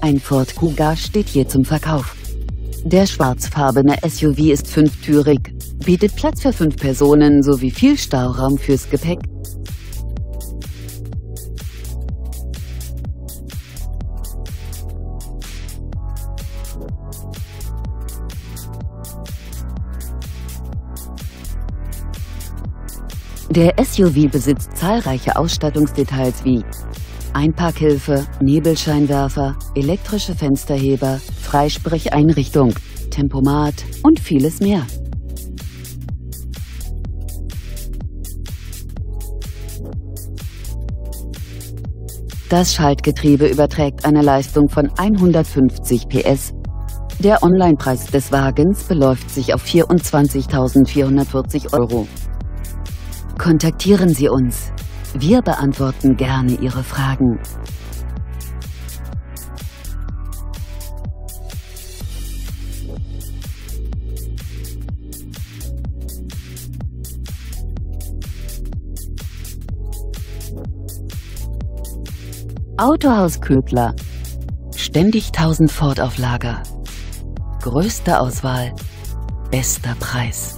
Ein Ford Kuga steht hier zum Verkauf. Der schwarzfarbene SUV ist fünftürig, bietet Platz für fünf Personen sowie viel Stauraum fürs Gepäck. Der SUV besitzt zahlreiche Ausstattungsdetails wie Einparkhilfe, Nebelscheinwerfer, elektrische Fensterheber, Freisprecheinrichtung, Tempomat und vieles mehr. Das Schaltgetriebe überträgt eine Leistung von 150 PS. Der Onlinepreis des Wagens beläuft sich auf 24.440 Euro. Kontaktieren Sie uns. Wir beantworten gerne Ihre Fragen. Autohaus Ködler. Ständig 1000 Ford auf Lager. Größte Auswahl, bester Preis.